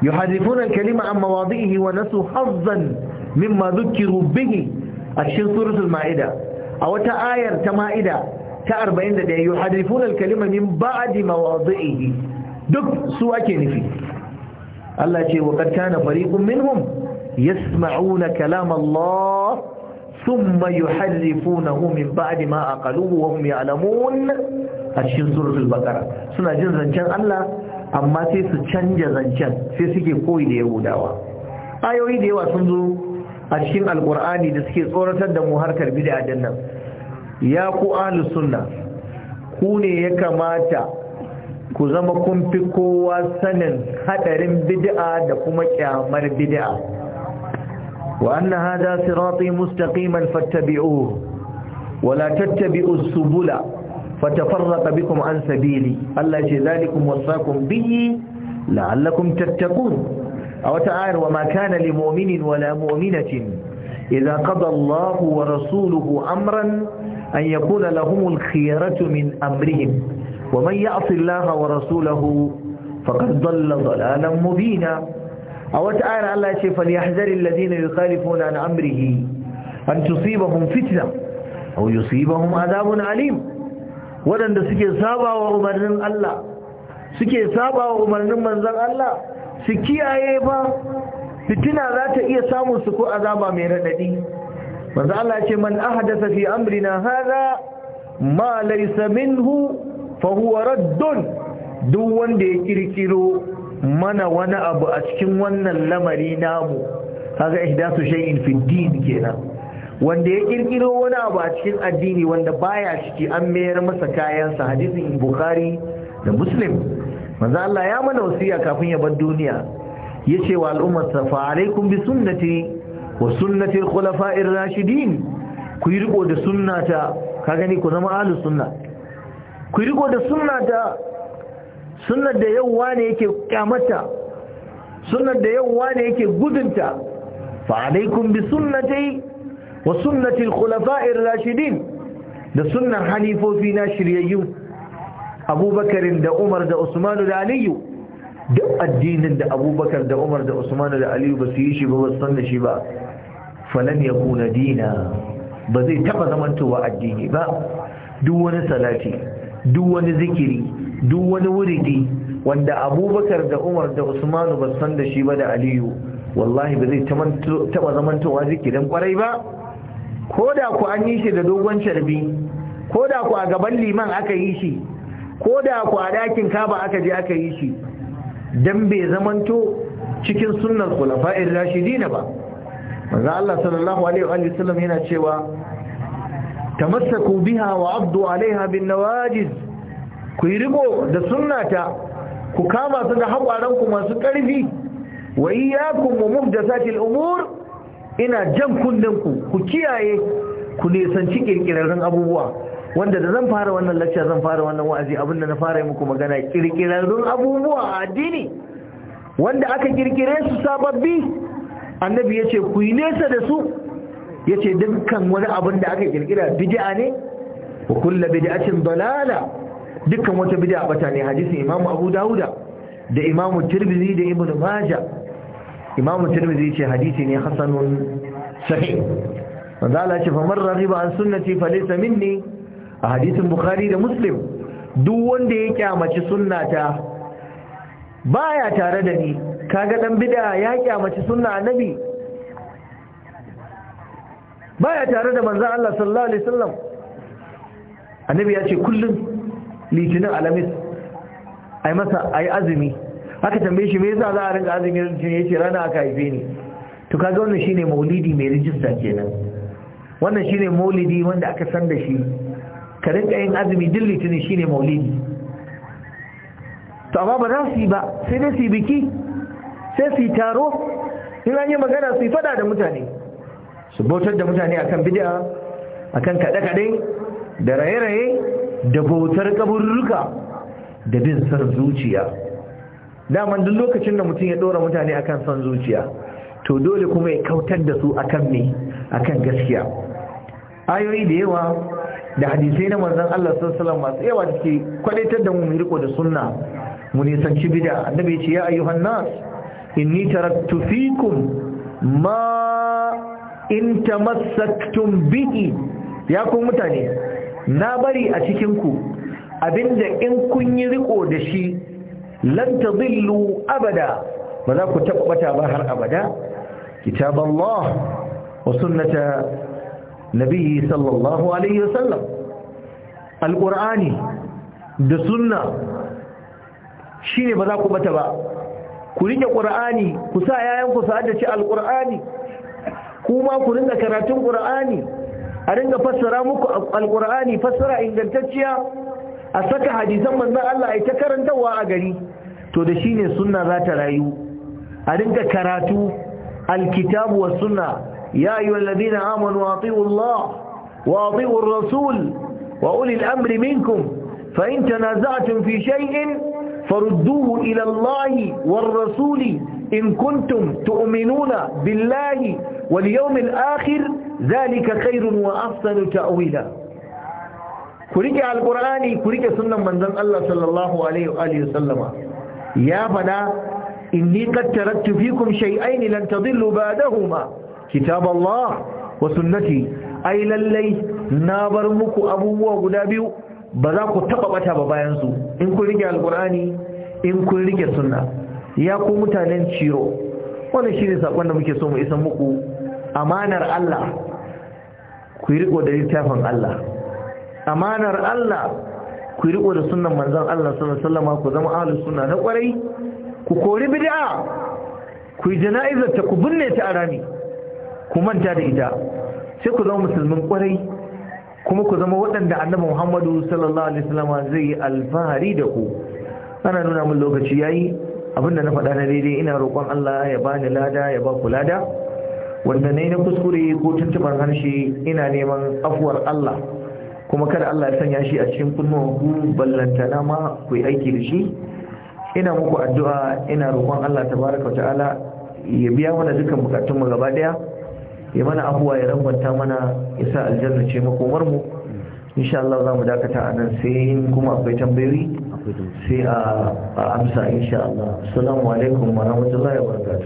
yuharrifuna al-kalima amma wazihi wa nasu hazzan mimma dhukiru bihi a cikin suratul ma'ida a wata ayar ta ma'ida ta 41 yuhadifuna al-kalima min ba'di mawadhihi duk su ake nufi Allah ce wa qad kana fariqun minhum yasma'una kalam Allah thumma yuharrifunahu min ba'di ma aqaluhu wa hum ya'lamun a cikin suratul baqara suna jin zancen Allah amma sai su canja zancen sai suke koyi da yahudawa ayoyi da yawa sun zo a cikin alkur'ani da suke tsoratar da mu harkar bid'a din nan ya ku ahlus sunna ku ne ya kamata ku zama kun fi kowa sanin hadarin bid'a da kuma kyamar bid'a wa anna hadha sirati mustaqiman fattabi'uhu wa la tattabi'us subula fatafarraqa bikum an sabili Allah ce zalikum wasaqum bihi la'allakum tattaqun a wata ayar wa ma na limominin wala mominatin, idza kada Allahu wa rasuluhu amran an yakuna lahumul khiyaratu min amrihim wa man ya Allah wa rasulahu faqad dhalla dhalalan mubina a wata ayar Allah ya ce falyahzaril ladina yukhalifuna an amrihi an tusibahum fitna aw yusibahum adhabun alim waɗanda suke saba wa umarnin Allah suke saba wa umarnin manzan Allah su kiyaye ba fitina za ta iya samun su ko azaba mai raɗaɗi. manzo Allah ce man ahdasa fi amrina haza ma laisa minhu fa huwa raddun duk wanda ya kirkiro mana wani abu a cikin wannan lamari namu kaga ihdasu shay'in fi din kenan wanda ya kirkiro wani abu a cikin addini wanda baya ciki an mayar masa kayansa hadisin bukhari da muslim manzo Allah ya mana wasiya kafin ya bar duniya yace wa al'ummar sa fa alaikum bi sunnati wa sunnati al ar rashidin ku yi riko da sunnata ka gani ku zama ahlus sunna ku yi riko da sunnata sunnar da yau wane yake kyamata sunnar da yau wane yake gudunta fa alaikum bi sunnati wa sunnati al ar rashidin da sunnar halifofi na shiryayyu Abubakar da umar da usmanu da aliyu duk addinin da abubakar da umar da usmanu da aliyu ba su yi shi ba ba san da shi ba falan ya kuna dina ba zai taba zamantowa addini ba duk wani salati duk wani zikiri duk wani wuridi wanda abubakar da umar da usmanu ba san da shi ba da aliyu wallahi ba zai taba zamantowa zikirin kwarai ba ko da ku an yi shi da dogon sharbi ko da ku a gaban liman aka yi shi ko da ku a ka kaba aka je aka yi shi dan bai zamanto cikin sunan kulafa’in rashidi na ba maza Allah sallallahu alaihi wa sallam yana cewa Ta ku biha wa abdu alaiha bin nawajiz ku yi riko da sunata ku kama su da haƙwaranku ku masu ƙarfi wa iyyakum da muhdathatil umur ina jan kunnen ku ku kiyaye ku nisanci ƙirƙirarren abubuwa wanda da zan fara wannan lacca zan fara wannan wa'azi abinda na fara muku magana kirkirarrun abubuwa a addini wanda aka kirkire su sababbi annabi ya ce ku yi nesa da su ya ce dukkan wani abin da aka kirkira bid'a ne wa kulla bid'atin dalala dukkan wata bid'a bata ne hadisin imam abu dauda da imam tirmidhi da ibnu majah imam tirmidhi ce hadisi ne hasanun sahih manzo Allah ce fa man raghiba an sunnati falaysa minni a hadisin bukhari da muslim duk wanda ya kyamaci sunnata baya tare da ni kaga dan bid'a ya kyamaci sunna annabi baya tare da manzon Allah sallallahu alaihi wasallam annabi ya ce kullum litinin alamis ai masa ai azumi aka tambaye shi me yasa za a rinka azumi litinin yace rana aka haife ni to kaga wannan shine maulidi mai rijista kenan wannan shine maulidi wanda aka san da shi ka rinka yin azumi duk litinin shine maulidi to amma ba za su yi ba sai dai su yi biki sai su yi taro in an yi magana su yi fada da mutane su bautar da mutane akan bid'a akan kaɗe-kaɗe da raye-raye da bautar kaburruka da bin san zuciya daman duk lokacin da mutum ya ɗora mutane akan san zuciya to dole kuma ya kautar da su akan me akan gaskiya ayoyi da yawa da hadisai na manzon Allah sallallahu alaihi wasallam masu yawa take kwadaitar da mu mu riko da sunna mu nisanci bid'a annabi ya ce ya ayyuhan nas inni taraktu fikum ma in tamassaktum bihi ya ku mutane na bari a cikin ku abinda in kun yi riko da shi lan tadillu abada ba za ku tabbata ba har abada kitab wa sunnata nabi sallallahu alaihi wasallam alqur'ani da sunna shine ba za ku bata ba ku rike qur'ani ku sa yayan ku da ci alqur'ani kuma ku rinka karatun qur'ani a rinka fassara muku alqur'ani fassara ingantacciya a saka hadisan manzon Allah ai ta karantawa a gari to da shine sunna za ta rayu a rinka karatu alkitabu was sunna يا أيها الذين آمنوا أطيعوا الله وأطيعوا الرسول وأولي الأمر منكم فإن تنازعتم في شيء فردوه إلى الله والرسول إن كنتم تؤمنون بالله واليوم الآخر ذلك خير وأحسن تأويلا كريك على القرآن كريك سنة من ذن الله صلى الله عليه وآله وسلم يا فنا إني قد تركت فيكم شيئين لن تضلوا بعدهما kitab Allah wa sunnati ai lallai na bar muku abubuwa guda biyu ba za ku taba bata ba bayan su in kun rike alqur'ani in kun rike sunna ya ku mutanen ciro wannan shine sakon da muke so mu isa muku amanar Allah ku riko da littafin Allah amanar Allah ku riko da sunnan manzon Allah sallallahu alaihi wasallam ku zama ahlus sunna na kwarai ku kori bid'a ku yi ta ku binne ta arami ku manta da ita sai ku zama musulmin kwarai kuma ku zama waɗanda annabi Muhammadu sallallahu alaihi wasallam zai yi alfahari da ku ana nuna min lokaci yayi abinda na faɗa na daidai ina roƙon Allah ya bani lada ya ba ku lada wanda nayi na kuskure ko tuntuban harshe ina neman afuwar Allah kuma kada Allah ya sanya shi a cikin kunnuwan ku ballantana ma ku yi aiki da shi ina muku addu'a ina roƙon Allah tabaraka ta'ala ya biya mana dukkan bukatunmu mu gaba daya ya mana abuwa ya rangwanta mana ya sa aljanna ce makomar mu insha Allah za mu dakata a nan sai kuma akwai tambayoyi sai a amsa insha Allah assalamu alaikum wa rahmatullahi wa barakatuh